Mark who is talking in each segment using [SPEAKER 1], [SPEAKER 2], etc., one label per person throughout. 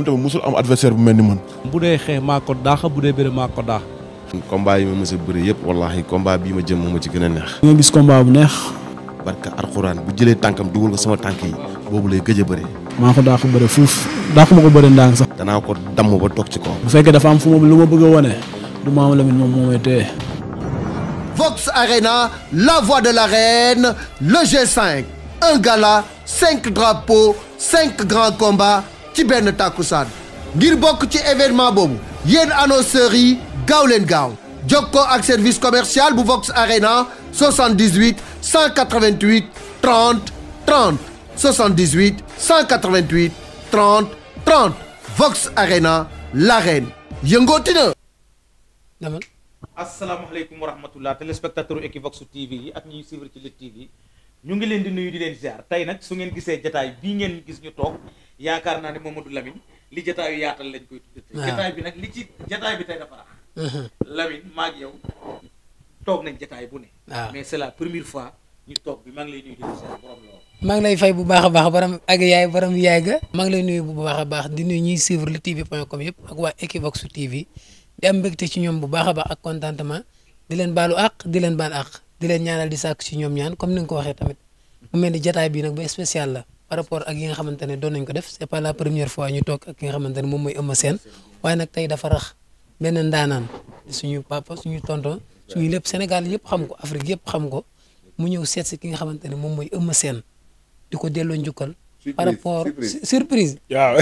[SPEAKER 1] moom tamit mosul am adversaire bu mel ni man. bu dee xeex maa ko daax bu dee bëre maa ko daax.
[SPEAKER 2] combat yi ma mës a bëri yëpp wallaahi combat bii ma jëm moo ma ci gën a neex. nga
[SPEAKER 3] gis combat bu neex.
[SPEAKER 2] barka alxuraan bu jëlee tànkam dugal ko sama tànk yi boobu lay gëj a bëri.
[SPEAKER 3] maa ko daax bëri fuuf daax
[SPEAKER 2] ko bëri ndànk sax. danaa ko damm ba toog ci kaw. a la voix de l'arène le G5 un gala cinq drapeaux cinq ci benn tàkkusaan ngir bokk ci événement boobu yéen annonceurs yi gaaw leen gaaw jokkoo ak service commercial bu Vox Arena 78 188 30 30 78 188 30 30 Vox Arena l'arène yëngooti na. demal. asalaamaaleykum wa rahmatulah téléspectateur Equivox TV yi ak ñuy suivre ci Lutte TV ñu ngi leen di nuyu di leen ziar tey nag su ngeen gisee jataay bii ngeen gis ñu toog. yaakaar naa ne Mamadou Lamine li jataayu yaatal lañ koy tuddee. Ah. jataay bi nag li ci jataay bi tey dafa rax. Uh-huh. Ah. mais c'est la première fois ñu toog bi maa lay la
[SPEAKER 4] maa ngi lay fay bu baax a baax borom ak yaay borom yaay ga. maa lay nuyu bu baax baax di nuyu ñuy suivre luttetv.com yëpp ak waa Equivox TV di am mbégte ci ñoom bu baax a baax ak contentement di leen baalu àq di leen baal àq di leen ñaanal di sàkk ci ñoom ñaan comme ni nga ko waxee tamit mu mel ni jataay bi nag bu spécial la. par rapport ak yi nga xamante ne nañ ko def c'est pas la première fois ñu toog ak ki nga xamante ne waaye nag tey dafa rax benn ndaanaan suñu papa suñu tonton suñu lépp Sénégal yëpp xam ko Afrique yëpp xam ko mu ñëw seet ki nga xamante ne moom mooy Eumeu Sène di ko delloo njukkal. par rapport surprise waaw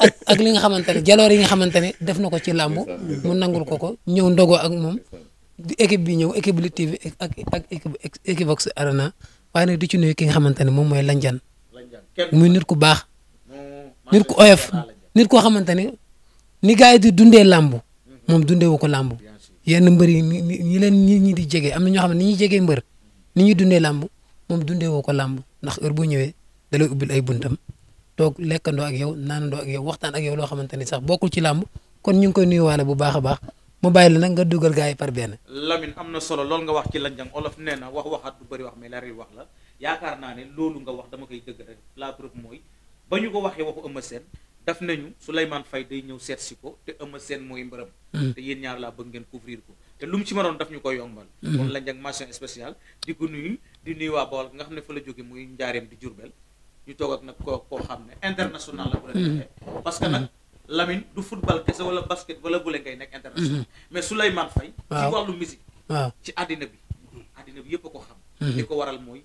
[SPEAKER 4] ak ak li nga xamante ne jaloor yi nga xamante ne def na ko ci làmb mu nangul ko ko ñëw ndogoo ak moom di bi ñëw équipe Lutte TV ak ak équipe Equivox Arena waaye nag di ci nuyu ki nga xamante ne moom mooy Landiane mu nit ku baax nit ku oyof nit koo xamante ne ni gars yi di dundee làmb mhm. moom dundee wu ko làmb yenn mbër yi ñi leen ñi ñi di jege am na ñoo xam ne ni ñuy jegee mbër ni ñuy dundee làmb moom dundee woo ko làmb ndax heure boo ñëwee da lay ubbil ay buntam toog lekkandoo ak yow naanandoo ak yow waxtaan ak yow loo xamante ni sax bokkul ci làmb kon ñu ngi koy nuyuwaale bu baax a baax mu bàyyi la nag nga dugal gars yi par benn.
[SPEAKER 2] Lamine na solo loolu nga wax ci lanjang olof nee na wax waxaat du bëri wax mais la wax la. yaakaar naa ne loolu nga wax dama koy dëgg rek la preuve mooy ba ñu ko waxee waxu Eumeu Sène daf nañu Souleymane fay day ñëw seet si ko te Eumeu seen mooy mbërëm mm. te yéen ñaar laa bëgg ngeen couvrir ko te lu mu ci mënoon daf ñu ko yombal mm. kon lañ ak mention spéciale di ko nuyu nga xam ne fa la jóge muy njaareem di Jurbel ñu toog ak nag koo koo xam ne international la mm. parce que nag Lamine du football kese wala basket wala bu leen ngay nekk international mm-hmm. mais Souleymane fay ci wàllu musique ci àddina bi àddina bi yëpp a ko xam mm-hmm. li ko waral mooy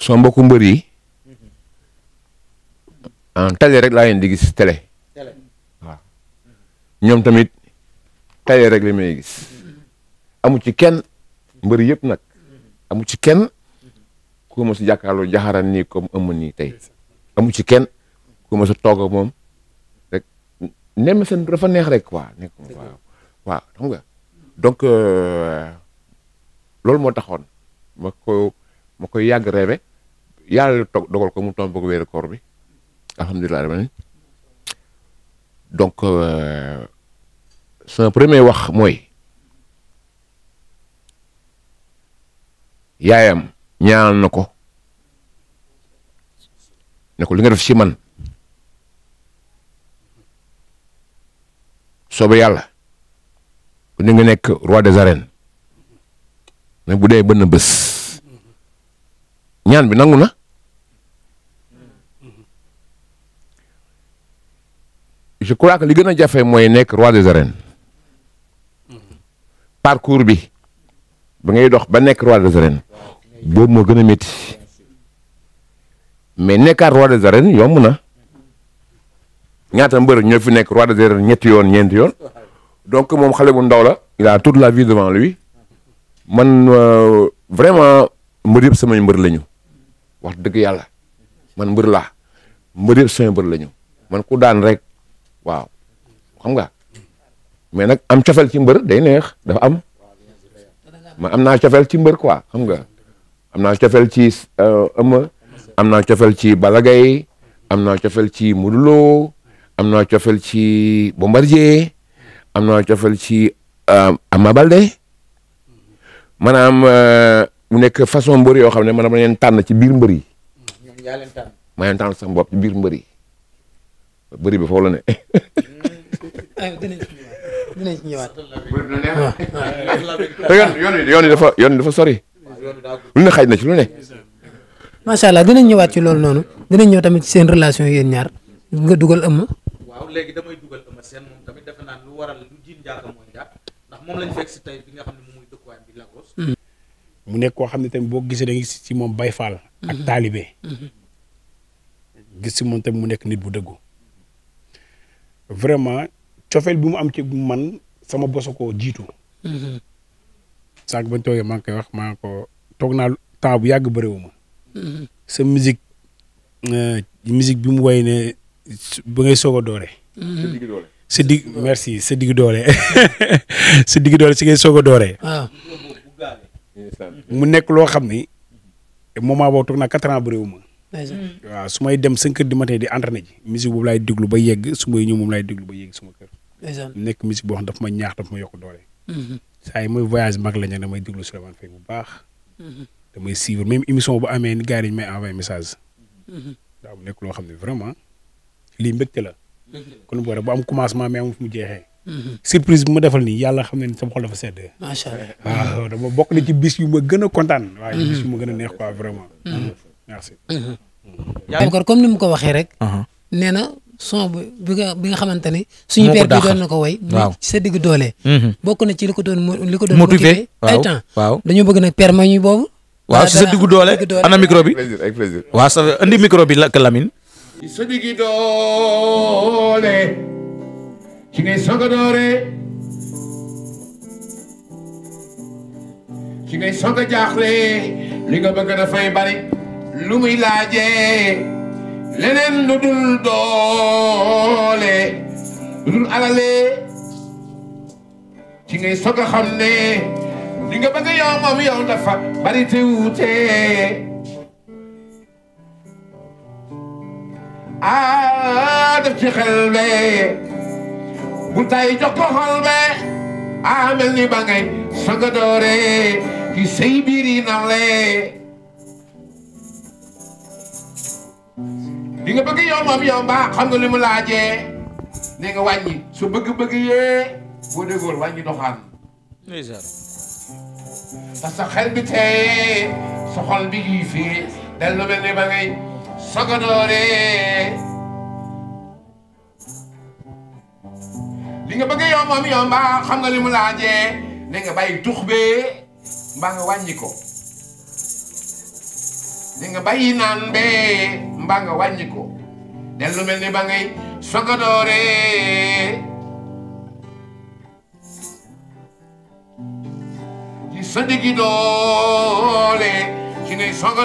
[SPEAKER 1] soo mbokku mbër yi en rek laa leen di gis télé waaw ñoom tamit télé rek li may gis amu ci kenn mbër yëpp nag amu ci kenn ku ma si jàkkaarloo jaxaran nii comme amu nii tey amu ci kenn ku ma sa toog moom rek nem seen dafa neex rek quoi nekk waaw xam nga donc euh, loolu moo taxoon ma ko ma koy yàgg reebe yàlla toog dogal ko mu tomb ko wéeru koor bi alhamdulilah dama donc euh, sama premier wax mooy yaayam ñaanal na ko ne ko li nga def ci man soobe yàlla ni nga nekk roi des arènes mais bu dee benn bés ñaan bi nangu na je crois que li gën a jafe mooy nekk roi des arènes parcours bi ba ngay dox ba nekk roi des arènes boobu moo gën a métti mais nekkaat roi des arènes yomb na ñaata mbër ñoo fi nekk roi des arènes ñetti yoon ñeenti yoon donc moom xale bu ndaw la. il tout la vie devant lui man euh, vraiment mbër yëpp samay mbër lañu wax dëgg yàlla man mbër laa mbër yëpp samay mbër lañu man ku daan rek. waaw xam nga mais nag am cofeel ci mbër day neex dafa am ma am naa cofeel ci mbër quoi xam nga am naa cofeel ci euh, Eumeu am naa cofeel ci balagay am naa cofeel ci Modou am naa cofeel ci Bombardier am naa cofeel ci euh, Ama Baldé maanaam euh, mu nekk façon mbër yoo xam ne man dama leen tànn ci biir mbër yi.
[SPEAKER 2] ñoom yaa leen tànn.
[SPEAKER 1] maa ci biir mbër yi. bëri bi foofu la ne.
[SPEAKER 4] dinañ ci ñëwaat te ah. yoon yi yoon yi dafa yoon yi dafa sori. lu ne xaj na ci lu ne. ñëwaat ci loolu noonu dinañ ñëw tamit seen relation yéen ñaar nga dugal ëmm.
[SPEAKER 2] waaw léegi damay dugal waral lu jiin nga xam
[SPEAKER 3] hmm. mu nekk koo xam ne tamit boo gisee da nga gis ci moom bayfaal. ak hmm. taalibe. Hmm. gis si moom tamit mu nekk nit bu dëggu. vraiment cofeel bi mu am ci man sama boso ko jiitu. Mm-hmm. sànq bañ toogee maa ngi wax maa ko toog naa temps bu yàgg bëriwuma. Mm-hmm. sa euh, musique bi mu woy ne ba ngay soog a doore. Mm-hmm. sa digg merci sa digg doole sa digg doole si ngay soog a dooree. Ah. mu nekk loo xam ni moment boobu toog naa quatre ans bëriwuma. Mm. waaw su may dem cinq heures du matin di entraîné ji musique boobu laay déglu ba yegg su may ñëw moom laay déglu ba yegg ma kër nekk musique boo xam dafa ma ñaax dafa ma yokk doole mm-hmm. saa yi mooy voyage mag la ñu damay déglu Souleymane Faye bu baax mm-hmm. damay suivre même émission bu amee ni gars yi dañu may envoyé message
[SPEAKER 1] mm-hmm.
[SPEAKER 3] nekk loo xam ne vraiment lii mbégte la kon boo rek bu am commencement mais amul fu mu jeexee surprise bi ma defal nii yàlla xam ne ni sama xol dafa sedd. macha dama bokk na ci bis yu ma gën a kontaan. waaye bis ma gën a neex quoi vraiment.
[SPEAKER 4] merci. yaa ngi ni mu ko waxee rek. nee na son bi nga bi nga xamante ni. suñu père bi doon na ko way. waaw ci sa digg doole. Mhm. bokk na ci li ko doon li ko doon motivé ay temps waaw dañoo bëgg nag père ma ñuy boobu. waaw ci sa diggu doole ana micro bi.
[SPEAKER 2] avec la ak Lamine.
[SPEAKER 4] ci sa digg doole
[SPEAKER 1] ci ngay soog a doore ci ngay soog jaaxle li nga bëgg dafay bari. lu muy laajee leneen lu dul doole lu dul alalee ci ngay soog a xam ne li nga bëgg yow moom yow dafa bari te wuute ah def ci xel be bu tay jox xol be ah mel ni ba ngay soog a doore ci say biir yi nalee li nga bëgg yow moom yow mbaa ah, xam nga li mu laajee ne nga wàññi su bëgg-bëgg yee boo dégool wàññi doxaan te sa xel bi tey sa xol bi yii fii del lu mel ni ba ngay li nga bëgg yow moom yow mbaa ah, xam li mu laajee ne nga bàyyi tux bee mbaa nga wàññi li nga bàyyi naan bee mbaa nga wàññi ko del lu ba ngay soog a dooree ci sa diggi ci ngay soog a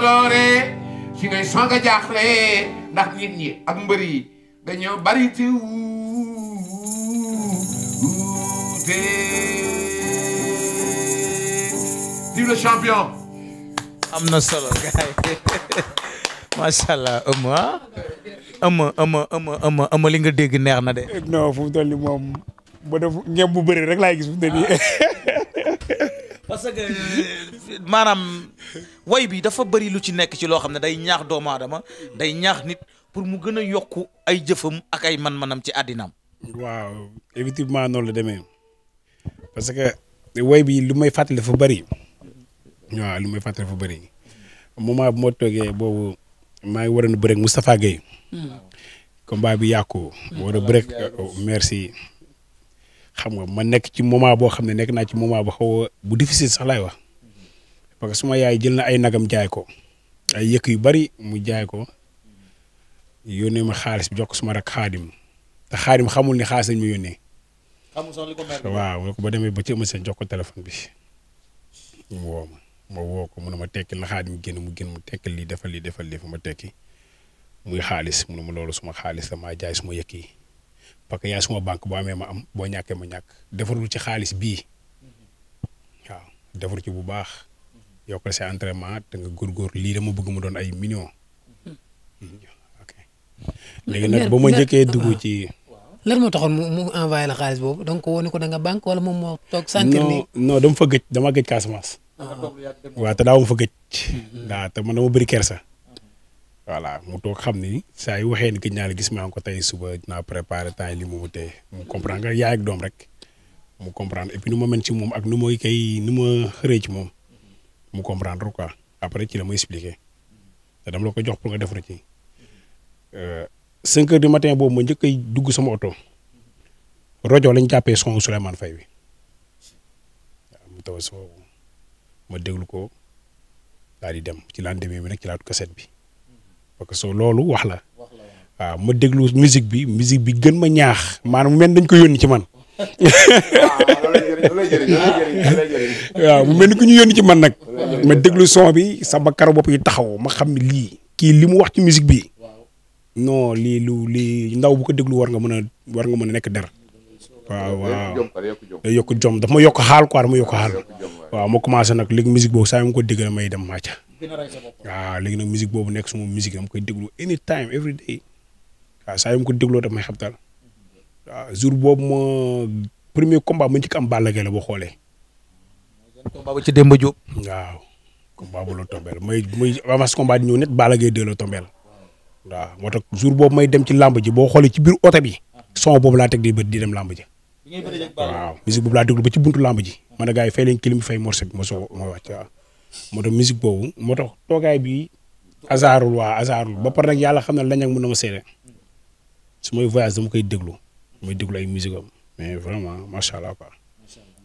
[SPEAKER 1] ci ngay soog a ndax nit ñi ak mbër yi dañoo bari te wuute
[SPEAKER 2] vive le champion am na solo gaay macha allah ëmma ëmma ëmma ëmma ëmma ëmma li nga dégg neex na de.
[SPEAKER 3] non fu mu moom ba def ngem bu bëri rek laay gis fu mu toll ah.
[SPEAKER 2] parce que maanaam way bi dafa bëri lu ci nekk ci loo xam ne day ñaax doomu aadama day ñaax nit pour mu gën a yokku ay jëfam ak ay man-manam ci àddinaam.
[SPEAKER 3] waaw effectivement noonu la demee parce que woy bi lu may fàttali fu bari waaw li may fàttali fa bari moment bu moo toogee boobu maa ngi waroon a bëreeg Moustapha Guèye. Hmm. combat bi yàqu. Hmm. war a merci. xam nga ma nekk ci moment boo xam ne nekk naa ci moment bu xaw a bu difficile sax laay wax parce que suma yaay jël na ay nagam jaay ko ay yëkk yu bari mu jaay ko yónnee ma xaalis bi jox ko suma rak xaadim te xaadim xamul ni xaalis lañ mu yónnee.
[SPEAKER 2] xamul ko mer waaw
[SPEAKER 3] ba demee ba ci ëmb seen jox ko téléphone bi mu ma woo ko mu ma tekki na mu génn mu génn mu tekki lii defal lii defal lii fa ma tekki muy xaalis mu ne ma loolu suma xaalis damaa jaay suma yëkk yi parce que yaay suma banque boo amee ma am boo ñàkkee ma ñàkk defarul ci xaalis bii waaw defar ci bu baax yokkal sa entraînement te nga góorgóor lii dama bëgg mu doon ay millions. léegi nag ba ma njëkkee dugg ci.
[SPEAKER 4] lan ma taxoon mu envoyé la xaalis boobu donc woo ko da nga banque wala moom moo toog. sentir ni
[SPEAKER 3] non non dama fa gëj dama gëj Casamance.
[SPEAKER 4] Uh-huh.
[SPEAKER 3] waaw te daaw ma fa gëj. waaw mm-hmm. te man dama bëri kersa. voilà mu toog xam ni saa yu waxee ni gëj naa la gis maa ngi ko te suba dinaa préparé temps yi li mu wutee mu comprendre nga yaay doom rek. mu comprendre et puis ma mën ci moom ak nu may kay nu ma xëree ci moom. mu comprendre quoi après ci la ma expliqué. te la ko jox pour nga defar ci. 5 euh, heures du matin boobu ma njëkk a dugg sama oto. rajo lañ jàppee son Souleymane Faye bi. waaw mu ma déglu ko daal di dem ci lendemain bi nag ci laatu kaset bi parce que soo loolu wax la waaw ma déglu musique bi musique bi gën ma ñaax maanaam mu mel dañ ko yónni ci man waaw ku ñu yónni ci man nag ma déglu son bi sama karo bopp yi taxaw ma xam ne lii kii li mu wax ci musique bi non lii lu lii ndaw bu ko déglu war nga mën a war nga mën a nekk der waaw waaw day yokk jom daf ma yokk xaal quoi ma yokk xaal waaw ma commencé nag léegi musique boobu saa yu ko dégg may dem màcca waaw léegi nag musique boobu nekk suma musique dama koy déglu any time every day waaw saa yu ma ko dégloo daf may xabtal waaw jour boobu ma premier combat ma njëkk am Balla boo xoolee. ci Demba Diop. bu la tombeel may may avance combat di ñëw net Balla Gaye delloo tombeel waaw moo tax jour boobu may dem ci làmb ji boo xoolee ci biir oto bi son boobu laa teg di bët di dem làmb waaw musique boobu laa déglu ba ci buntu làmb ji man a gars yi fay leen kilim fay morceau bi ma soo ma wàcc waaw moo tax boobu moo tax bi azaarul waa azaarul ba pare nag yàlla xam ne lañ ak mën na ma seede su may voyage dama koy déglu mooy déglu ay musique am mais vraiment macha allah quoi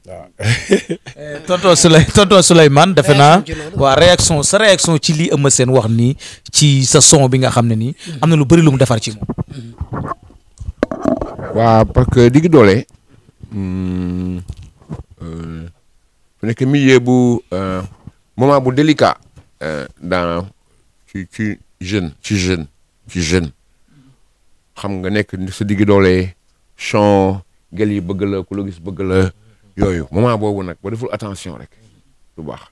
[SPEAKER 3] waaw.
[SPEAKER 2] Eh, tonton defe naa waa réaction sa réaction ci lii Eumeu Sène wax nii ci sa son bi nga xam ne nii am na lu bëri lu mu defar ci moom.
[SPEAKER 1] waa parce que digg doole. mu mm, euh, nekk milieu bu euh, moment bu délicat euh, dans ci ci ci jeune ci jeune xam nga nekk sa digg doole champ gel yi bëgg la gis bëgg yooyu moment boobu nag ba deful attention rek du baax.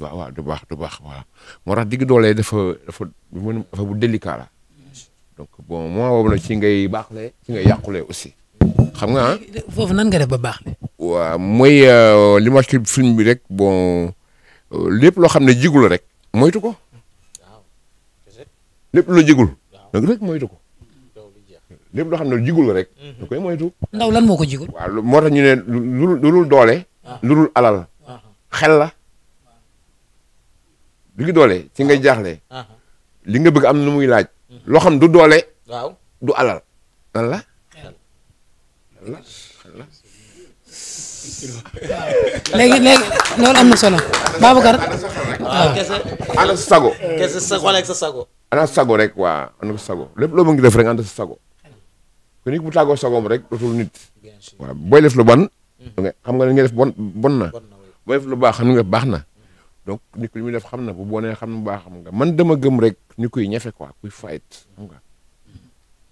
[SPEAKER 1] waaw du baax du baax voilà moo tax digg doole dafa dafa bu délicat la donc bon moment boobu nag ci ngay baaxlee ci ngay yàqulee aussi. xam nga ah?
[SPEAKER 4] foofu nan nga ba baax.
[SPEAKER 1] waaw mooy euh, li ma wax film bi rek bon euh, lépp loo xam ne jigul rek. moytu ko. lépp loo jigul. nag rek moytu ko. lépp loo xam ne jigul rek. da koy moytu.
[SPEAKER 4] ndaw lan moo ko jigul.
[SPEAKER 1] waaw moo tax ñu ne lu lu dul doole. lu dul alal. xel la. du gi doole ci nga jaaxle. li nga bëgg am nu muy laaj. loo xam du doole. waaw du alal. lan la.
[SPEAKER 4] léegi léegi loolu am na solo. Babacar waaw
[SPEAKER 2] ah, kese. sa sago.
[SPEAKER 1] ana sago rek waa ana sago lépp loo mën ngi def rek ana sa sago. ku nit bu tàggoo sagoom rek dootul nit. waaw booy def lu mm. xam nga li nga def bon bon na. booy def lu baax nu nga baax na. donc nit ku muy def xam na bu bonee xam na baax xam nga man dama gëm rek ni kuy ñafe quoi kuy fight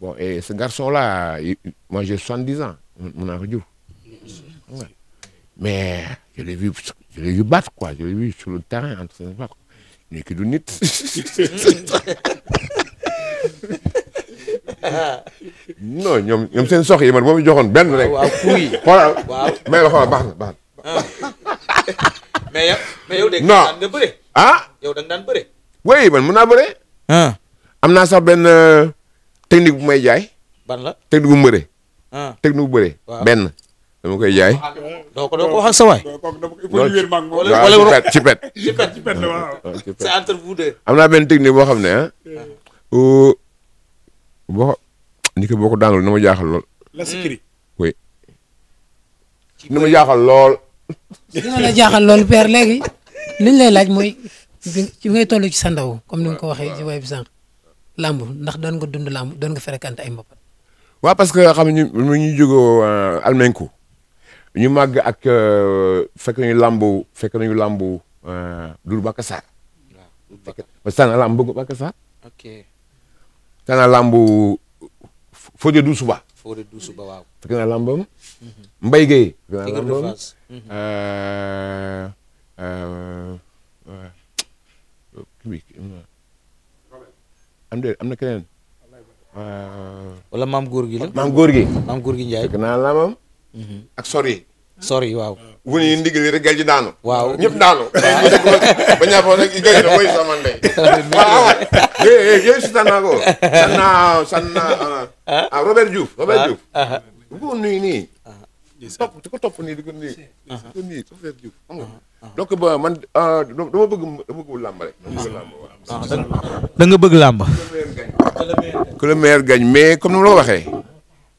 [SPEAKER 1] Bon, et ce garçon-là, moi j'ai 70 ans, mon oncle Diouf. Mais je l'ai vu, je l'ai Je l'ai vu sur le terrain en train de battre. Il n'est du nit. non ñoom ñoom seen sox yi man moom joxoon benn rek. Ah, waaw kuy xoolal. mais xoolal na baax na. Ah.
[SPEAKER 2] de nga bëre. ah yow da nga daan bëre.
[SPEAKER 1] oui ah. am naa sax benn. Euh, technique bu may jaay.
[SPEAKER 2] ban la technique bu mu bëree. Ah. technique
[SPEAKER 1] bu bëree. benn dama koy jaay. doo ko doo ko wax ak sa waay. ci pet am naa benn technique boo xam ne ah. ah. Euh, boo ni ko boo ko daanul na ma jaaxal lool. la sikiri. Hmm. oui. na jaaxal lool. dina
[SPEAKER 4] la jaaxal lool père léegi liñ lay laaj mooy bi ngay toll ci sa ndaw comme ni nga ko waxee ci waay bi làmb ndax doon nga dund làmb doon nga fréquenté ay mbapat.
[SPEAKER 1] waaw parce que xam ñu mu ñu jógoo euh, almenku ñu màgg ak euh, fekk nañu làmb fekk nañu làmb euh, Doudou Baka Sarr. waaw Sana làmb bëgg Baka Sarr. ok Sana làmb Fodé fekk na làmbam. Mhm. Mbaye am de am maam góor gi la. maam góor gi. maam góor gi Ndiaye. fekk naa la maam. Mhm. ak sori. waaw. wuni yi ndigal yi rek gàll ji daanu. waaw daanu. ba ñaar foofu rek gàll na mooy sama ndey. waaw si tànnaa ko. sànnaa sànnaa ah. ah Robert Diouf. Robert ah. Diouf. bu ah. ko nuyu nii. topp di ko topp nii di ko nii. di donc ba man euh, dama bëgg dama bëgg làmb ah,
[SPEAKER 2] ah, da nga bëgg làmb.
[SPEAKER 1] que mais comme nu ma la ko waxee.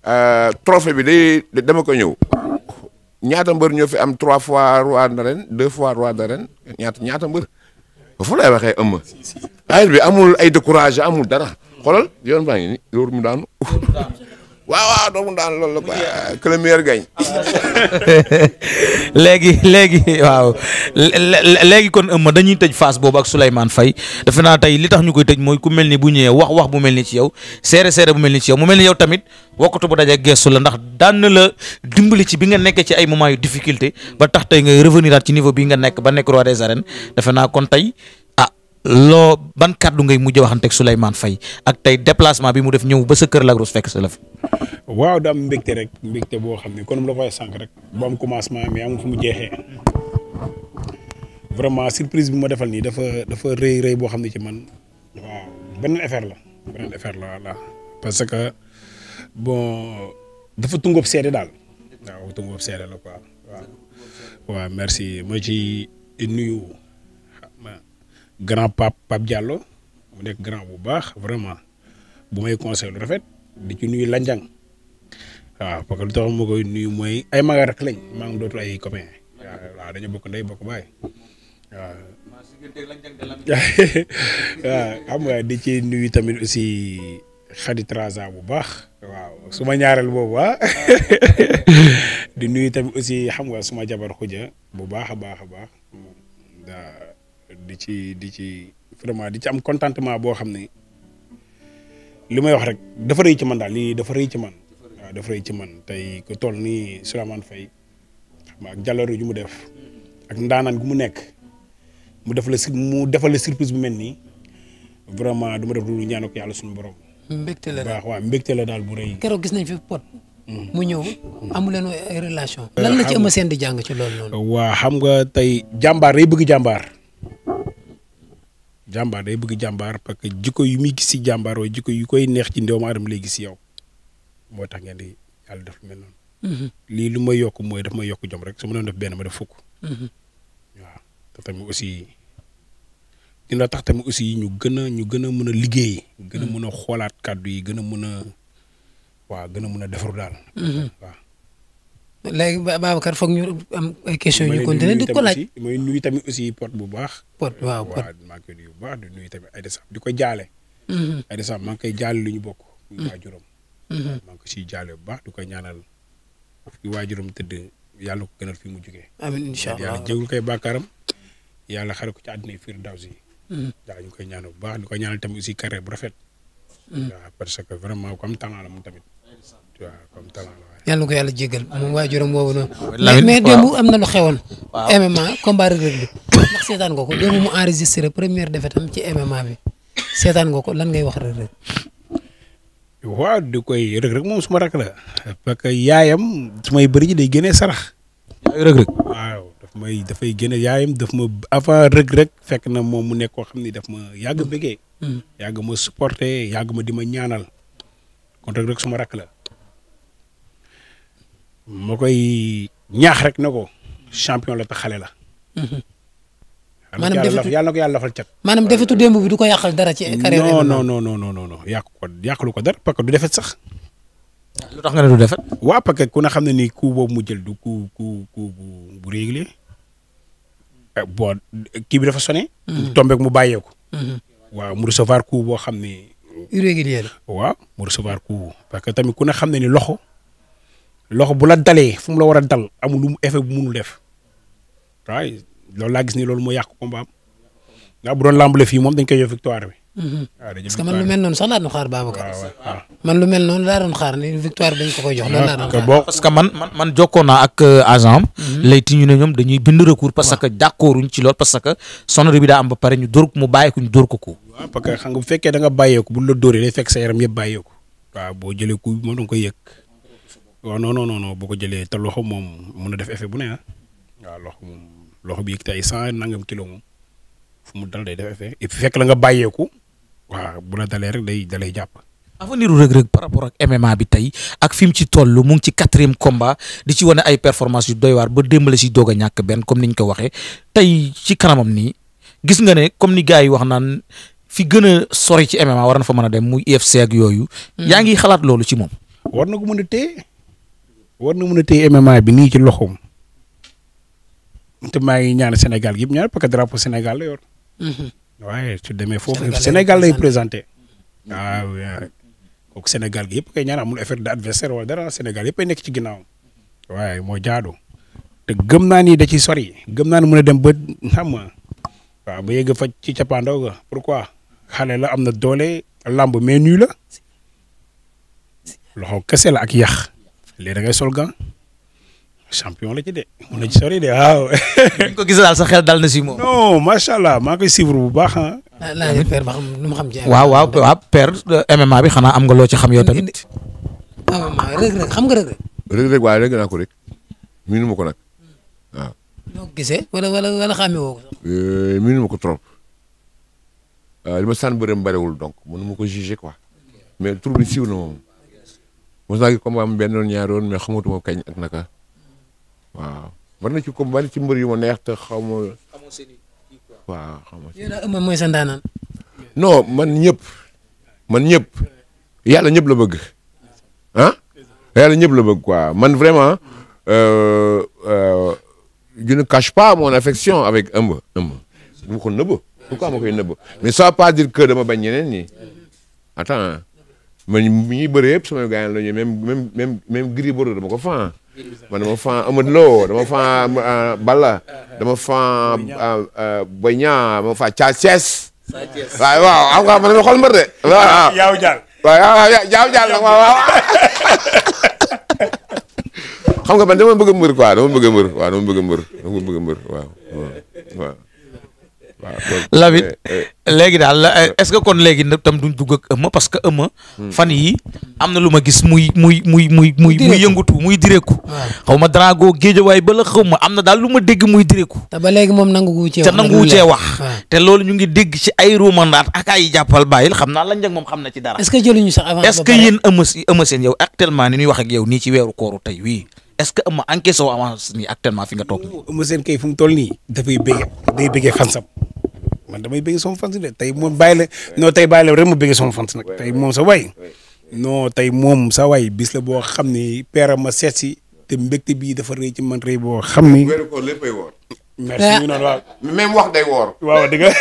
[SPEAKER 1] Euh, trophée bi day dama ko ñëw. ñaata mbër ñoo fi am trois fois roi d'arène deux fois roi d'arène ñaata ñaata mbër. foofu laay waxee ëmb. ayil bi amul ay découragé amul dara. xoolal yoon baa ngi ni loolu mu daanu. waaw waaw doomu daan loolu la quoi que le ah,
[SPEAKER 2] léegi léegi waaw léegi kon ëmma dañuy tëj phase boobu ak Souleymane fay defe naa tey li tax ñu koy tëj mooy ku mel ni bu ñëwee wax wax bu mel ni ci yow seere seere bu mel ni ci yow mu mel ni yow tamit wokkatu bu daje gestu la ndax daan na la dimbali ci bi nga nekkee ci ay moments yu difficulté ba tax tey ngay revenir at ci niveau bi nga nekk ba nekk roi des arènes defe naa kon tey. loo ban kàddu ngay mujj waxanteeg Souleymane Faye ak tey déplacement bi mu def ñëw ba sa kër Lagros fekk la fi.
[SPEAKER 3] waaw da am rek mbégte boo xam ne kon la fay sànq rek bu am commencement mais amul mu jeexee vraiment surprise bi ma defal nii dafa dafa rëy rëy boo xam ne ci man waaw beneen affaire la beneen affaire la parce que bon dafa tungob seede daal waaw tungob la quoi waaw waaw merci ma ci nuyu. grand pape Pape Diallo mu nekk grand bu baax vraiment bu may conseil lu rafet di ci nuyu Lanjang waaw parce que lu tax nuyu mooy ay maga lañ maa ngi ay copain waaw dañu bokk ndey bokk xam nga di ci nuyu tamit aussi Khady Traza bu baax waaw suma ñaareel boobu ah di nuyu tamit aussi xam nga suma jabar xuja bu baax a baax a baax di ci di ci vraiment di ci am contentement boo xam ne li may wax rek dafa rëy ci man daal lii dafa rëy ci man waaw dafa ci man tey ku toll nii Souleymane Faye xam ak jàllale ju mu def ak ndaanaan gu mu nekk mu def la mu defal la surprise bu mel nii vraiment du ma def lu ñaan ko yàlla suñu borom. mbégte la daal waaw mbégte la bu rëy. keroog gis nañ fi pot. Hmm.
[SPEAKER 4] mu ñëw amu leen relation. Euh, lan la ci
[SPEAKER 3] Eumeu waa xam nga tey jàmbaar day bëgg jàmbaar. jàmbaar day bëgg jàmbaar parce que jikko yu muy gis si jàmbaar waaye jikko yu koy neex ci ndoomu aadama lay gis si yow moo tax ngeen di yàlla def lu mel na mm-hmm. lii lu may yokk mooy daf may yokk jom rek su ma doon def benn ma def fukk. Mm-hmm. waa te tamit aussi dina tax tamit aussi ñu gën a ñu gën a mën a liggéey. gën a mm-hmm. mën a xoolaat kàddu yi gën a mën a. waaw gën a mën a defaru daal.
[SPEAKER 4] waaw léegi Babacar foog ñu am ay questions ñu continuer di ko laaj may nuyu
[SPEAKER 3] tamit aussi porte bu baax. porte waaw porte waaw nuyu bu baax di nuyu tamit Aïda Samb di ko jaale. Mm-hmm. Aïda Samb maa ngi koy jaale lu ñu bokk. Mm-hmm. waajuram. Mm-hmm. maa ngi ko siy jaale bu baax di ko ñaanal fi waajuram tëdd yàlla ko gënal fi mu jógee. amiin incha allah yàlla jégul koy bàkkaaram yàlla xare ko ci àddina firdawsi. daal ñu koy ñaanal bu baax di ko ñaanal tamit aussi carrière bu rafet. waaw vraiment ku am la moom tamit. waaw comme talent la
[SPEAKER 4] waaye. yàlla na moom waa juróom boobu noonu. mais mais démb am na lu xewoon. waaw MMA combat Reug Reug bi ndax seetaan nga ko démb mu enregistré première défaite am ci MMA bi seetaan nga ko lan ngay wax Reug
[SPEAKER 3] Reug. koy Reug Reug moom suma rakk la. parce que yaayam su may bëri ji day génnee sarax. yaayu daf may dafay génne yaayam daf ma avant Reug Reug fekk na moom mu nekk koo xam ni daf ma yàgg bëggee. Hmm. yàgg ma supporté yàgg ma di ma ñaanal kon Reug Reug suma rakk la. ma koy ñaax rek na ko champion la te xale la.
[SPEAKER 4] Mhm. maanaam defetu
[SPEAKER 3] yàlla na ko yàlla lafal cat.
[SPEAKER 4] maanaam defetu démb du ko yàqal dara ci carrière non
[SPEAKER 3] non non non yàq ko yàqalu ko dara parce que du defet sax.
[SPEAKER 2] lu tax nga ne du defet.
[SPEAKER 3] waaw parce que ku ne xam ne ni coup boobu mu jël du coup coup bu réglé. Eh, bon kii bi dafa sonné. Mhm. mu bàyyeeku. Mhm. waaw mu recevoir coup xam ne. irrégulier la. waaw mu recevoir coup parce tamit ku xam ne ni loxo. loxo bu la dalee fu mu la war a dal amul mu effet bu munul def waaye loolu laa gis ni loolu moo yàq combat am ndax bu doon fii moom dañ koy jox victoire bi.
[SPEAKER 4] Mhm. waaw parce que man lu mel noonu laa doon xaar Babacar. man lu mel noonu xaar ko koy jox. loolu laa doon ah, xaar
[SPEAKER 2] parce que man man man jokkoo naa ak euh, agent am. Mhm. léegi ñu ne ñoom dañuy bind recours. parce que d'accorduñ ci loolu parce que sonore bi daa am ba pare ñu dóor ko mu bàyyeeku ñu ko ko.
[SPEAKER 3] waaw parce que xam bu fekkee da nga bàyyeeku bu la dóoree day fekk sa yaram yëpp bàyyeeku. boo jëlee coup bi moom da nga koy yëg waaw non non non boo ko jëlee te loxo moom mun a def effet bu ne a ah. waaw loxo moom loxo bi tey cent nangam kilo moom fu mu dal day def effet et fekk la nga bàyyeeku waaw bu la dalee rek day dalay jàpp.
[SPEAKER 2] avenir Reug par rapport ak MMA bi tey ak fi mu ci toll mu ci quatrième combat di ci wane ay performance yu doy waar ba démb si doog a ñàkk benn comme ni ñu ko waxee tey ci kanamam nii gis nga ne comme ni yi wax naan fi gën a sori ci MMA war na fa mën a dem muy UFC ak yooyu. Hmm. yaa ngi xalaat loolu ci moom.
[SPEAKER 3] war na ko mën a téye war na mën a téye MMA bi nii ci loxoom
[SPEAKER 2] te maa ngi ñaan Sénégal
[SPEAKER 3] yëpp ñaan parce que drapeau Sénégal la mhm. waaye su demee foofu Sénégal lay présenté. waaw mhm. ah, kooku Sénégal gi yëpp kay ñaan amul effet d'adversaire wala dara Sénégal yëpp nekk ci ginnaaw waaye moo jaadu te gëm naa ni da ciy sori gëm naa ni mën a dem ba xam nga waaw ba yegg fa ci cappaandaw ga pourquoi xale la am na doole lamb mais nuyu la loxo kese la ak yàq. léegi da sol gant champion la ci de mun na ci sori de waaw. bu ko gisee daal sa xel dal
[SPEAKER 2] na si non macha allah maa koy
[SPEAKER 3] suivre bu baax naa
[SPEAKER 4] ah. ne père nu mu xam
[SPEAKER 2] waaw waaw waaw père euh, MMA bi xanaa am nga loo ci xam yow tamit.
[SPEAKER 4] MMA ah, Reug Reug
[SPEAKER 2] xam
[SPEAKER 1] naa ko rek miinu ma ko nag waaw.
[SPEAKER 4] noo ko gisee wala
[SPEAKER 1] euh, trop euh, bariwul donc mënu ko juger mais tur siiw na moom. mos naa gis mu benn yoon ñaari yoon mais xamatuma kañ ak naka waaw war na ci ko bari ci mbër yu ma neex te xaw ma. waaw xaw ma. a mooy sa non man ñëpp man ñëpp yàlla ñëpp la bëgg ah yàlla ñëpp la bëgg quoi man vraiment euh, euh, je ne cache pas mon affection avec ëmb ëmb bu ko nëbb pourquoi ma koy nëbb mais ça pas dire que dama bañ ñeneen ñi man mi ñuy bëree yëpp samay gaañ la ñu même même même même Gris Bordeaux dama ko fan man dama fan dama fan euh, Balla dama fan euh, Boy Niang dama fan Thiat Thiès waaw waaw xam nga man dama xool mbër de waaw yaaw jaal waaw bëgg mbër quoi dama bëgg mbër
[SPEAKER 2] Lamine euh, euh, léegi daal euh, est-ce que kon léegi tam duñ dugg ak parce que ëmma fan yi am na lu ma gis muy muy muy muy muy muy yëngutu muy direeku xaw ma drago géejawaay ba la xaw ma am na daal lu ma dégg muy direeku te ba léegi moom nangu wu cee wax te nangu wax te loolu ñu ngi dégg ci ay ruumandaat ak ay jàppal bàyyil xam naa lañ ak moom xam na ci dara est-ce que
[SPEAKER 4] jëluñu sax avant est-ce que yéen
[SPEAKER 2] ëmma si ëmma seen yow actuellement ni ñuy wax ak nii ci weeru kooru tey wii est-ce que ëmma avance nii actuellement fi nga toog nii ëmma seen kay fu toll nii dafay bëgg
[SPEAKER 3] day bëggee fansam man damay bëgg sama fans de tey moom bàyyi la non tey bàyyi la rek ma bëgg sama fans nag tey moom sa way noo tey moom sa way bis la boo xam ni peera ma seet si te bii dafa rëy ci man boo xam ni. wéru
[SPEAKER 1] ko léppay woor. merci ñu noonu waaw.
[SPEAKER 3] même wax day woor. waaw dëgg nga.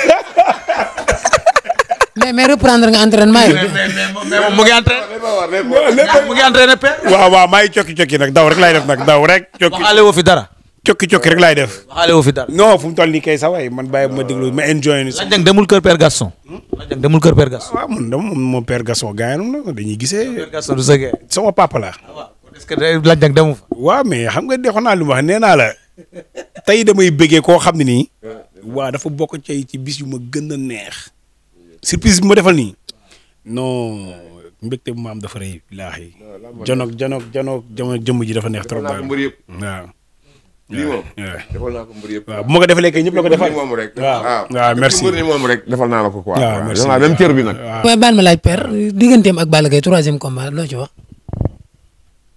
[SPEAKER 4] mais mais reprendre nga entraînement yi. mais
[SPEAKER 2] mais mu
[SPEAKER 3] ngi entraîné. waaw waaw maa ngi cokki cokki nag daw rek laay def nag daw rek. cokki waxaale woo fi dara. cokki cokki rek laay def. waxaale woo fi dara non fu mu toll nii kay sa waay man bàyyi ma déglu ma enjoy. laaj nag demul kër Père Gaston. Hmm? laaj nag demul kër Père Gaston. waaw ah, man de la dañuy sama papa la. Ah que laaj nag demu fa. waaw mais xam nga dexoon naa lu ma wax nee la tey damay bëggee koo xam ne nii. waa dafa bokk cay ci bis yu ma gën a neex. surprise bi ma defal nii. non mbégte bu ma am dafa rëy. billaahi. janoog janoog janoog jama jëmm ji dafa
[SPEAKER 1] neex trop. waaw. lii moom. defal naa ko mbir yëpp. waaw bu ma ko defalee kay ñëpp la ko defal moom rek. waaw waaw merci mbir ni moom rek defal naa la ko quoi. waaw merci waaw même cër bi nag.
[SPEAKER 4] waaw baal ma laaj père digganteem ak Balla Gaye troisième combat loo ci wax.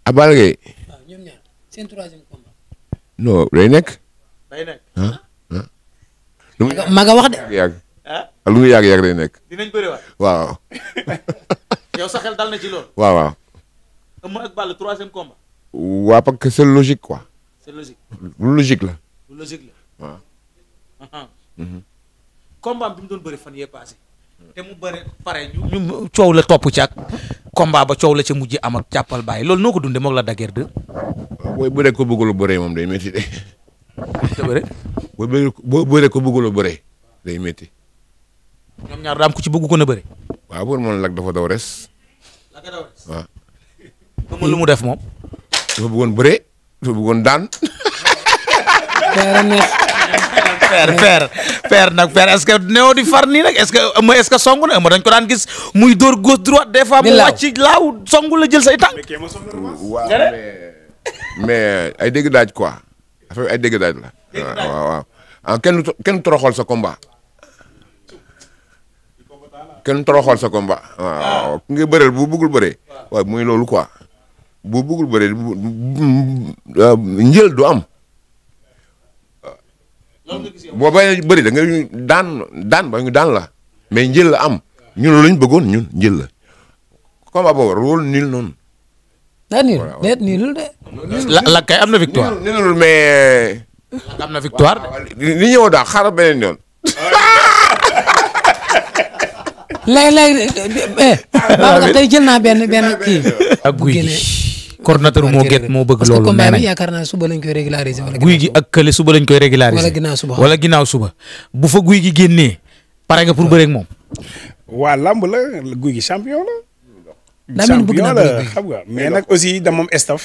[SPEAKER 1] ah Balla Gaye. waaw
[SPEAKER 4] ñoom ñaar seen troisième combat.
[SPEAKER 1] non day nekk. day nekk ah ah. lu mu ma nga wax de. yàgg lu mu yàgg yàgg day nekk. dinañ bëri waat. waaw.
[SPEAKER 2] yow sa xel dal na ci loolu. waaw waaw. ëmb ak Balla troisième combat.
[SPEAKER 1] waa parce que c'est logique quoi. c'est logique. lu logique la. lu logique la waaw.
[SPEAKER 2] Uh-huh. Mm-hmm. combat bi mu doon bëri fan yee passé te mu bëri pare ñu. coow la topp ci ak combat ba coow la ca mujj am ak jàppal bàyyi loolu noo ko dundee moog la daggéer de.
[SPEAKER 1] booy bëree ko bëggul bëree moom day de. booy bëree ko bëggul bëree day métti.
[SPEAKER 2] ñoom ñaar daam ku ci bëgg ko a bëri.
[SPEAKER 1] waaw pour man lak dafa daw res. lak daw res lu mu def moom. dafa bëggoon
[SPEAKER 2] bëree. dafa bëggoon daan. père père père nag père est-ce que néew di far nii nag est que ma est na ma dañ ko daan gis muy dóor gauche droite des fois. mu wàcc laaw song la jël say tànk.
[SPEAKER 1] waaw mais mais ay dégg daaj quoi affaire ay dégg daaj la. waaw waaw ah kenn kenn toroxal sa combat. kenn toroxal sa combat. Ah, waaw ki nga bëreel bu bëggul bëree. waaw bu bëggul euh, bëre njël du am. boo bàyyi bëri da ba ñu daan la mais njël la am ñun lañ bëggoon ñun njël la combat boobu rôle nul noonu. daa la kay am na victoire niilul mais. am na victoire de. li ñëw daal xaaral
[SPEAKER 2] beneen yoon.
[SPEAKER 4] léeg-léeg eh, tey jël naa benn benn kii.
[SPEAKER 2] coordonnateur moo gét moo bëgg loolu combat bi
[SPEAKER 4] yaakaar naa suba lañ koy régulariser wala
[SPEAKER 2] guy gi ak kële suba lañ koy régulariser wala ginnaaw suba wala ginnaaw suba bu fa guy gi génnee pare pour bëreeg moom
[SPEAKER 4] waa lamb la guy
[SPEAKER 3] gi champion
[SPEAKER 2] la champion la
[SPEAKER 3] xam nga mais nag aussi da moom staff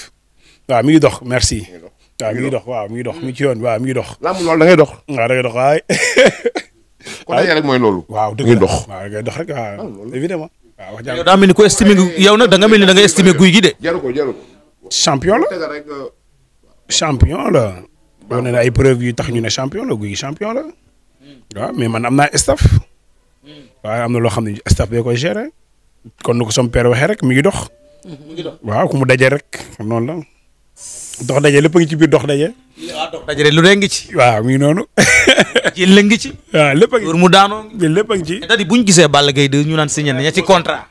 [SPEAKER 3] waaw mi ngi dox merci waaw mi dox waaw mi dox mi ci yoon waaw mi dox lamb loolu da ngay dox waaw da ngay dox
[SPEAKER 1] waay rek mooy loolu waaw
[SPEAKER 2] waaw wax yow daa mel ni ko estimé yow nag da nga mel ni da nga
[SPEAKER 3] guy gi de. jaru ko jaru ko champion la euh, champion la. waaw ne ay preuve yu tax ñu ne champion la guy gi champion la. Hmm. wa mais man am naa staff. Hmm. am na loo xam ne staff bee koy gérer. kon nu ko som père waxee rek mi ngi dox. mi hmm, ngi dox mu dajee rek noonu la.
[SPEAKER 2] dox daje lépp a ci biir dox daje. waaw ah, dox daje lu dee ngi ci. waaw mi noonu. jël la ngi ci. waaw lépp a mu daanoo. lépp a ngi ci. cest à bu ñu gisee Balla gay 2 ñu naan signé nañu ci contrat.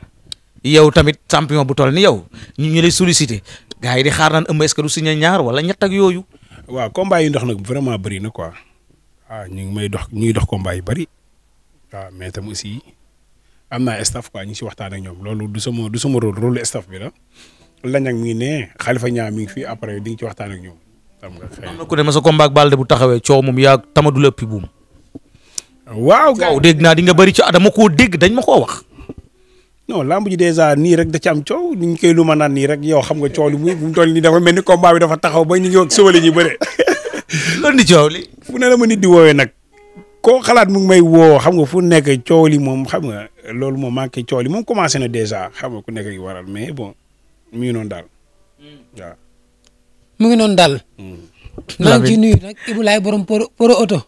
[SPEAKER 2] yow tamit champion bu toll ni yow ñu ñu lay sollicité gars yi di xaar naan ëmb est-ce que du signé ñaar wala ñett ak yooyu. waaw combat yi ndox nag vraiment bëri na quoi waaw ah, ñu ngi may
[SPEAKER 3] dox ñuy dox combat yu bëri waaw ah, mais tam aussi am naa staff quoi ñu ngi si waxtaan
[SPEAKER 2] ak ñoom loolu du sama du sama rôle rôle staff
[SPEAKER 3] bi la lañ ak mi ngi ne Khalifa Niang mi ngi fi après di nga ci waxtaan ak ñoom. xam nga xëy ku
[SPEAKER 2] ne ma sa combat ak bu taxawee coow moom yaa tamadu la ëppi buum. waaw coow dégg naa di nga bëri ci adama koo dégg dañ ma koo wax.
[SPEAKER 3] non bu ji dèjà nii rek da ci am coow ni ñu lu ma naan nii rek yow xam nga coow li muy bu mu toll nii dafa mel ni combat bi dafa taxaw ba ñu ngi ak sëbële ñi bëre. loolu di coow li. fu ne la ma di woowee nag. koo xalaat mu may woo xam nga fu nekk coow li moom xam nga loolu moom manqué coow li moom commencé na dèjà xam nga ku nekk yi waral mais bon mu ngi noonu daal hmm.
[SPEAKER 4] mu ngi noonu daal. Hmm. maa ngi ciy nuyu nag Ibulaay borom poro oto.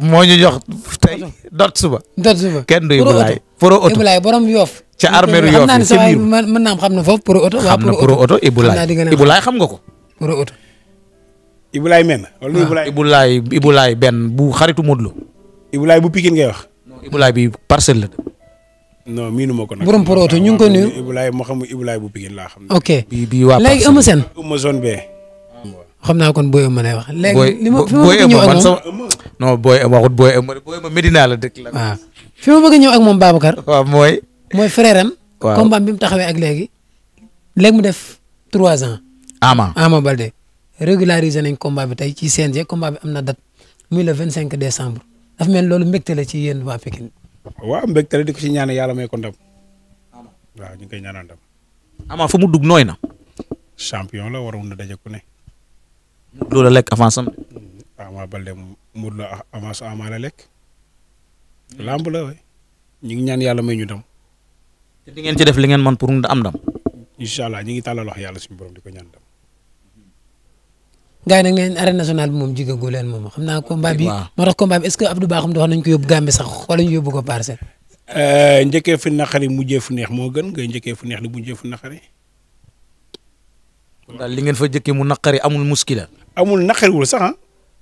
[SPEAKER 4] moo ñu jox tey dot suba. dot suba kenn du Ibulaay. poro oto Ibulaay borom yoof ca armeeru yoof yi ca biir mën naa xam na foofu poro oto. waaw poro oto Ibulaay Ibulaay xam nga ko. poro oto.
[SPEAKER 2] Ibulaay ah, benn bu xaritu Modou Lo.
[SPEAKER 3] Ibulaay bu Pikine ngay wax.
[SPEAKER 2] non Ibulaay bi parcelle la.
[SPEAKER 3] non miinu ma ko nag. borom Poroto ñu ngi ko nuyu. Ibulaay ma laa xam.
[SPEAKER 4] ok
[SPEAKER 2] bii bii waa léegi Eumeu Sène.
[SPEAKER 4] Eumeu Sène bee. xam naa kon booy Eumeu lay wax. li ma fi ma bëgg a ñëw ak moom
[SPEAKER 2] non booy Eumeu waxut booy Eumeu booy Eumeu Medina la dëkk la. waaw
[SPEAKER 4] a ñëw ak moom Babacar. mooy. mooy frère am. waaw combat bi mu taxawee ak léegi. mu def trois ans. Ama Ama Baldé régularisé nañ combat bi tey ci CNG combat bi am na date muy le vingt cinq décembre dafa mel loolu mbégte la ci yéen waa Pikine
[SPEAKER 3] waaw mbégte di ko ci ñaan yàlla may ko ndam. waaw ñu ngi koy ñaanal ndam.
[SPEAKER 2] Ama fu mu dugg nooy na.
[SPEAKER 3] champion la waroon na daje ku ne.
[SPEAKER 2] loolu lekk avance am. Mm-hmm.
[SPEAKER 3] Ama Baldé mu la avance Ama la lekk. làmb la waay ñu ngi ñaan yàlla may ñu ndam.
[SPEAKER 2] te di ngeen ci def li ngeen man pour am ndam. incha allah ñu ngi tàllal wax yàlla suñu di ko ñaan ndam.
[SPEAKER 4] gars yi nag nee nañ arène nationale bi moom jigéen gu leen moom xam naa combat bi. waaw moo tax combat bi est ce que Abdou Bakhoum dox nañ ko yóbbu Gambie sax wala ñu yóbbu ko Parcelles.
[SPEAKER 3] Euh, njëkkee fu naqari mujjee fu neex moo gën nga njëkkee fu neex li mujjee fu naqari. daal li
[SPEAKER 4] ngeen fa jëkkee mu naqari
[SPEAKER 2] amul muskila.
[SPEAKER 3] amul naqariwul sax ah.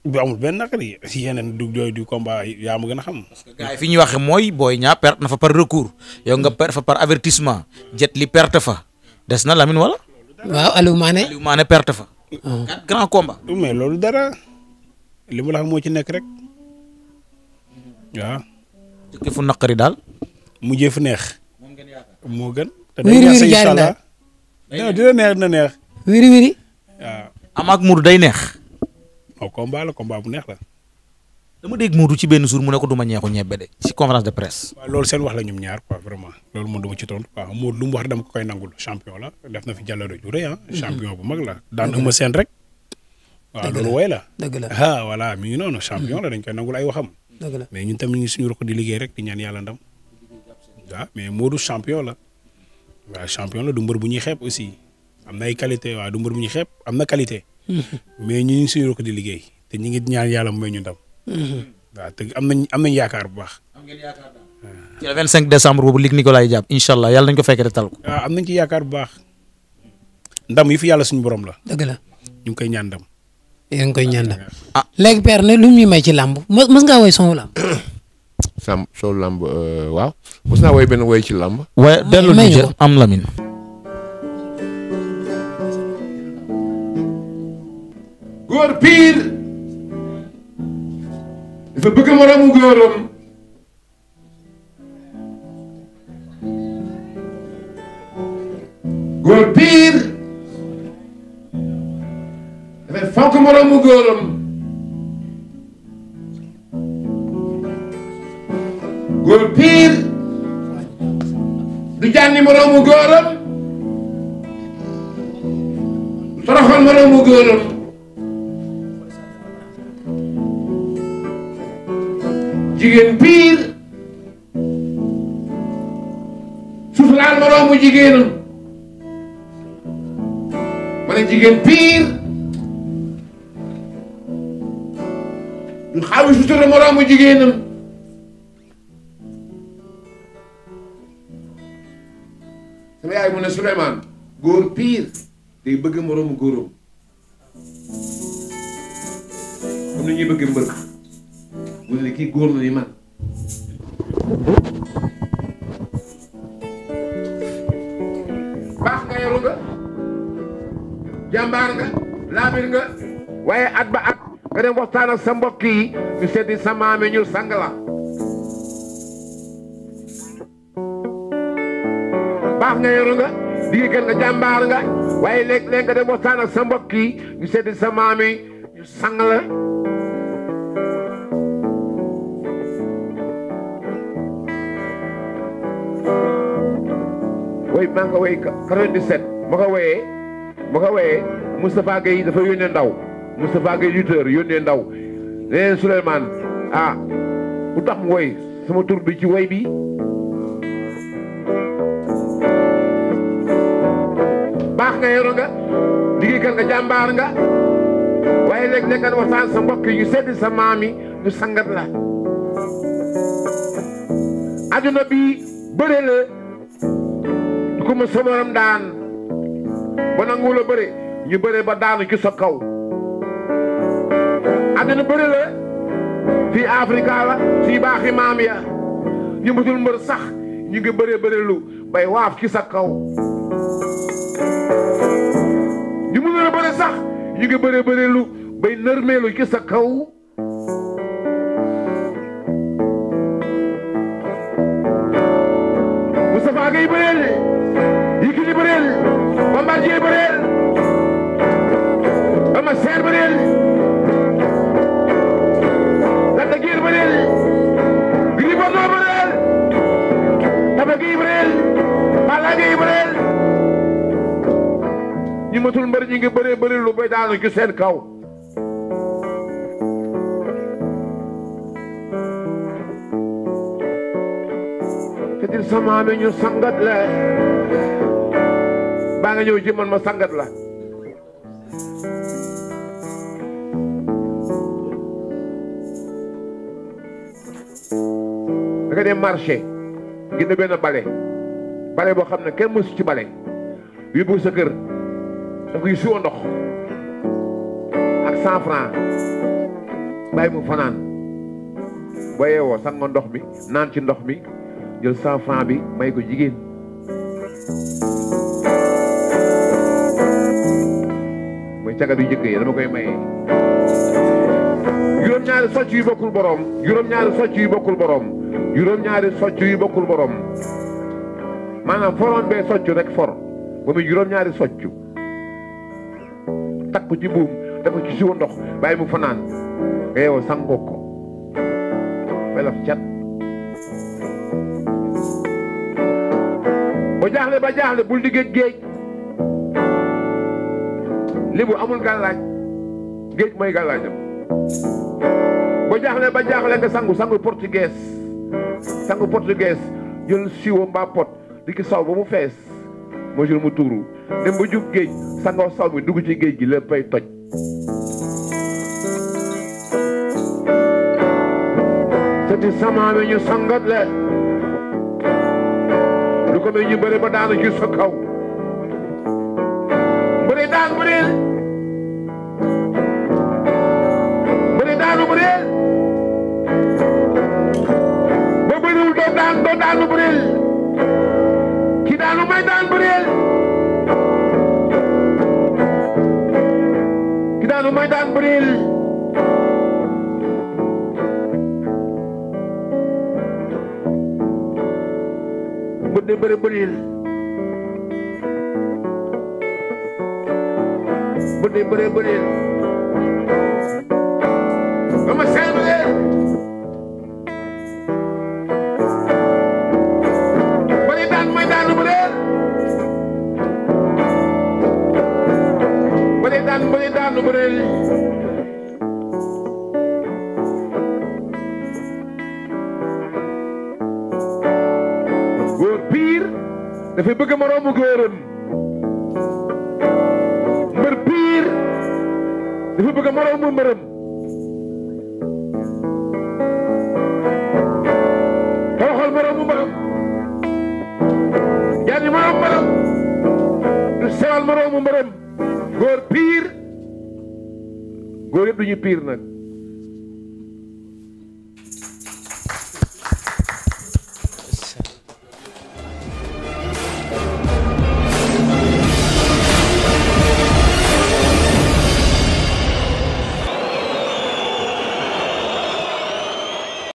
[SPEAKER 3] bu amul benn naqari si yeneen du yooyu du combat
[SPEAKER 2] yaa ma gën a xam. parce que gars yi fi ñuy waxe mooy Boy Niang perte na fa par recours yow nga perte fa par avertissement Jet Li perte fa des na Lamine wala. waaw Aliou Mané Aliou Mané perte fa. quatre grands mais loolu dara limu mu moo ci nekk rek
[SPEAKER 3] waaw. jëkke fu naqari daal. mujjee fu neex. moo gën. te day neex incha allah dina neex neex. wiri wiri. waaw.
[SPEAKER 2] Ama ak Modou day neex.
[SPEAKER 3] waaw combat bu neex la.
[SPEAKER 2] dama dégg Modou ci benn mu ne ko du ma ñeexu ñebbe de ci conférence de presse.
[SPEAKER 3] waaw loolu seen wax la ñoom ñaar quoi vraiment loolu moom dama ci tontu quoi Modou lu dama ko koy nangul champion la def na fi jàllale ju rëy ah. mhm. bu mag la daan ëmb seen waaw loolu woy la dëgg la ah, mi ngi noonu champion mhm. dañ koy nangul ay waxam. dëgg la mais ñun tamit ñu suñu rek di liggéey rek di ñaan yàlla ndam. mais Modou champion la. waaw champion du mbër bu ñuy xeeb aussi am na ay qualité waaw du mbër bu ñuy xeeb am na qualité. Mhm. mais ñu suñu rek di liggéey te ñu ngi ñaan yàlla mu may ñu ndam
[SPEAKER 4] waaw
[SPEAKER 3] te am na am yaakaar bu baax. am ngeen yaakaar
[SPEAKER 2] ci le boobu Luc Nicolaï jàpp incha allah yàlla nañ ko fekk de tal ko.
[SPEAKER 4] waaw bu baax
[SPEAKER 2] ndam yi fi yàlla suñu borom
[SPEAKER 3] la. ñu ngi
[SPEAKER 1] koy ñaan ndam. yaa ngi koy ñaan ndam
[SPEAKER 4] ah léegi père lu muy may ci làmb mos nga ngaa woy songu làmb.
[SPEAKER 1] sam soow làmb euh, waaw mos naa woy benn woy ci làmb. waaye dellu ñu am lamin góor piir dafa bëgg moromu góoram góor piir dafay fonk moromu góoram góor piir du jànni moromu góoram toroxal moromu góoram jigéen piir suturaal moroomu jigéenam ma ne jigéen piir du xaw a sutura moroomu jigéenam sama yaay mu ne Souleymane góor piir day bëgg moroomu góoram comme ni ñuy bëgg mbër mu ne baax nga yaru nga jàmbaar nga laabir nga waaye at ba at nga dem waxtaan sa mbokk yi ñu seddi sa maame ñu sang la baax nga yaru nga digi ken nga jàmbaar nga waaye léeg-léeg nga dem waxtaan sa mbokk ñu seddi sa maame ñu sang bi maa nga woy 97 ma ko woyee ma ko woyee Moustapha Gueye dafa yónnee ndaw Moustapha Gueye lutteur yónnee ndaw leneen Souleymane ah lu tax mu woy sama tur bi ci woy bi baax nga yoro nga liggéeykat nga jàmbaar nga waaye léegi nekk na waxtaan sa mbokk yi ñu seddi sa maam yi ñu sangat la adduna bi bëre la ku ma sëbëram daan ba nanguwul bëre ñu bëre ba daanu ci sa kaw àddina bëre la fii Afrika la fii baaxi maam ya ñu musul mbër sax ñu ngi bëre bëre lu bay waaf ci sa kaw ñu mënul bëre sax ñu ngi bëre bëre lu bay nërmeelu ci sa kaw Moustapha Gueye yi Yékini bëreel Bombardier bëreel Eumeu Sène bëreel Lac de Guiers bëreel Gris Bordeaux bëreel Tapha Gueye bëreel Balla Gaye bëreel ñi matul daanu ci kaw sangatil sama mi ñu sangat la baa nga ñëw ci man ma sangat la da nga dem marché gën benn bale bale boo xam ne kenn mësu ci bale yóbbu sa kër da koy suwa ndox ak cent franc bàyyi mu fanaan ba yeewoo sango ndox mi naan ci ndox mi jël cent bi may ko jigéen mooy caga bi njëkk yi koy may juróom-ñaari socc yu bokkul borom juróom-ñaari socc yu bokkul borom juróom-ñaari socc yu bokkul maanaam foroon bee socc rek for ba muy juróom-ñaari socc takk ko ci buum dafa ci siwa ndox bàyyi mu fanaan nga yow sangoo ko bu jaaxle ba jaaxle bul di géej géej li bu amul gàllaaj géej mooy gàllaajam bu jaaxle ba jaaxle nga sangu sangu portugais sangu portugais jël siwo mbaa pot di saw ba mu fees moo jël mu tuuru dem ba jub géej sangoo saw mi dugg ci géej gi léppay toj seti sama ñu sangat ko mais ñu daanu ci sa kaw bëri daan bëreel daanu bëreel ba bëriwul daanu bëreel ki daanu may daan bëreel ki daanu may daan bëreel di bëri bëriil bu di bëri bëriil ba ma seetlu leen bëri daan mooy daanu bëriil bëri daan mooy daanu bëriil dafay bëgg moroomu góoram mbër piir dafa bëgg moroomu mbërëm te waxal moroomu mbërëm jàngi moroomu mbërëm du sewal moroomu mbërëm góor piir góor yëpp du ñu piir nag